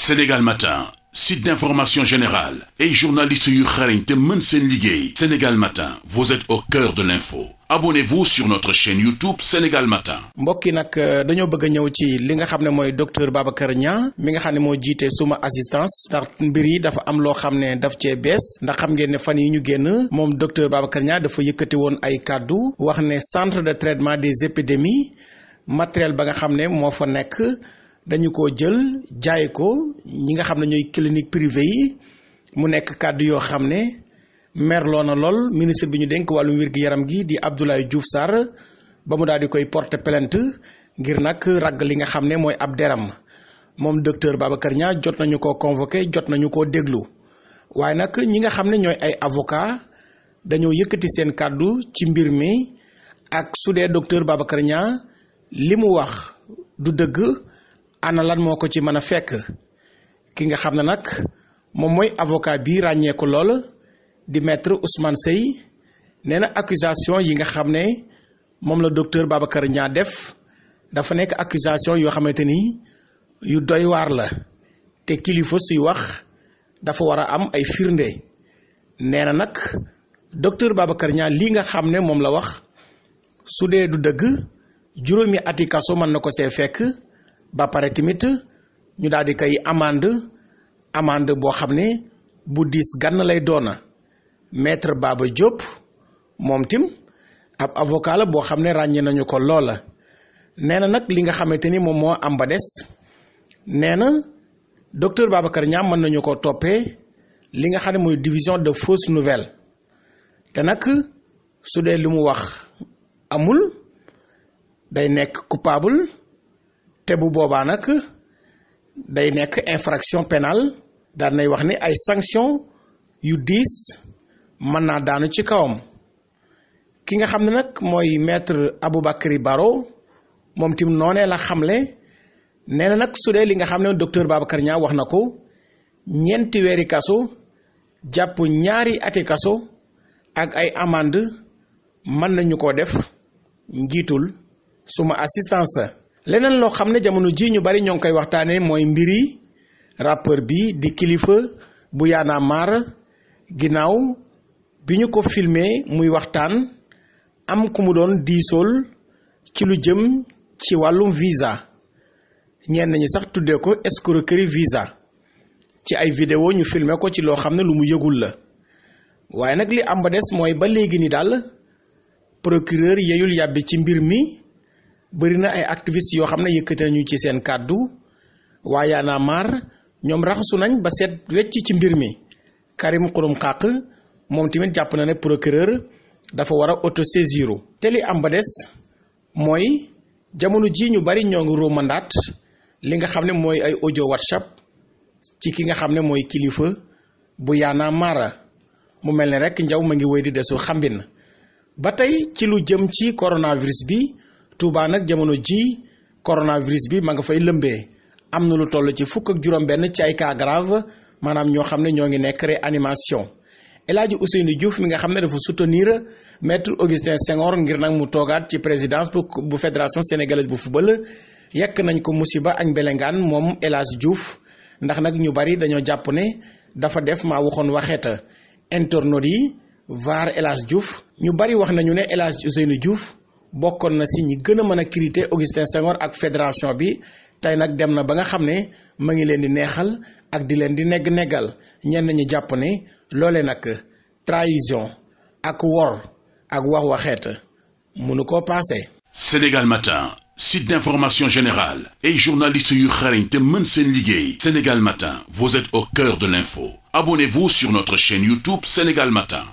Sénégal Matin site d'information générale et journalistes yu xarañ te mën seen liggéey Sénégal Matin vous êtes au cœur de l'info abonnez-vous sur notre chaîne YouTube Sénégal Matin. mbokk yi nag euh, dañoo bëgg a ñëw ci li nga xam ne mooy docteur Babacar Niang mi nga xam ne moo jiite suma assistance ndax mbir yi dafa am loo xam ne daf cee bees ndax xam ngeen ne fan yi ñu génn moom docteur Babacar Niang dafa yëkkati woon ay kàddu wax ne centre de traitement des épidémies matériel ba nga xam ne moo fa nekk. dañu ko jël jaay ko ñi nga xam ne ñooy clinique privée yi mu nekk kàddu yoo xam ne merloo na lool ministre bi ñu dénk wàllum wér-gi-yaram gi di Abdoulaye Diouf sar ba mu daal di koy porte plainte ngir nag ragg li nga xam ne mooy ab deram moom docteur Babacar Niang jot nañu ko convoqué jot nañu koo déglu waaye nag ñi nga xam ne ñooy ay avocat dañoo yëkkati seen kàddu ci mbir mi ak su dee docteur Babacar Niang li mu wax du dëgg ana lan moo ko ci mën a fekk ki nga xam ne nag moom mooy avocat bi ràññeeku lool di maître Ousmane sey nee na accusation yi nga xam ne moom la docteur Babacar ñaa def dafa nekk accusation yoo xamante ni yu doy waar la te kilifa suy wax dafa war a am ay firnde nee na nag docteur Babacar Niang lii nga xam ne moom la wax su dee du dëgg juróomi ati kaso mën na ko see fekk ba pare tamit ñu daal di koy amande amande boo xam ne bu diis gànn lay doona maître Baba Diop moom tim ab avocat la boo xam ne ràññee nañu ko loola nee na nag li nga xamante ni moom moo am ba des nee na docteur Babacar Niang mën nañu ko toppee li nga xam ne mooy division de fausse nouvelle te nag su dee lu mu wax amul day nekk coupable te bu boobaa nag day nekk infraction pénale daan nay wax ni ay sanction yu diis mën naa daanu ci kawam ki nga xam ne nag mooy metre abu Aboubacry Baro moom tim noonee la xamle nee na nag su li nga xam ne docteur Babacar Niang wax na ko ñeenti weeri kaso jàpp ñaari ati kaso ak ay amande mën nañu ko def njiitul suma assistance leneen loo xam ne jamono ji ñu bari ñoo ngi koy waxtaanee mooy mbiri rappeur bi di kilifa bu Y'en a ginnaaw bi ñu ko filmé muy waxtaan am ku mu doon diisool ci lu jëm ci wàllum visa ñeen nañu sax tuddee ko escroquerie visa ci ay vidéo ñu filmé ko ci loo xam ne lu mu yëgul la waaye nag li am ba des mooy ba léegi ni daal procureur yeyul yàbbi ci mbir mi bëri na ay activistes yoo xam ne yëkkati nañu ci seen kàddu waaye Y'en a ñoom raxasu nañ ba seet wecc ci mbir mi Karim Xurum Xaq moom tamit jàpp na ne procureur dafa war a autosaisiru te li am ba des mooy jamono ji ñu bari ñoo ngi romandaat li nga xam ne mooy ay audio whatsapp ci ki nga xam ne mooy kilifa bu Y'en a marre mu mel ni rek njaw ma ngi woy di desu xambin ba tey ci lu jëm ci coronavirus bi Touba nag jamono ji coronavirus bi ma nga fay lëmbee am na lu toll ci fukk ak juróom-benn ci ay cas grave maanaam ñoo xam ne ñoo ngi nekk réanimation El Hadji Ousseynou Diouf mi nga xam ne dafa soutenir maître Augustin Senghor ngir nag mu toogaat ci présidence bu fédération sénégalaise bu football yekk nañ ko musiba ak mbelengaan moom El Hadji ndax nag ñu bari dañoo jàpp ne dafa def maa waxoon waxeeta internautes yi VAR El Hadji ñu bari wax nañu ne El Hadji Ousseynou bokkoon na si ñi gën a mën a critiquer Augustin Senghor ak fédération bi tey nag dem na ba nga xam ne ma ngi leen di neexal ak di leen di negg neggal ñenn nañu jàpp ne loole nag trahison ak wor ak wax waxeet mënu koo paase. Sénégal Matin site d'information générale et journaliste yu xarañ te mën seen liggéey Sénégal Matin vous êtes au cœur de l'info abonnez-vous sur notre chaîne YouTube Sénégal Matin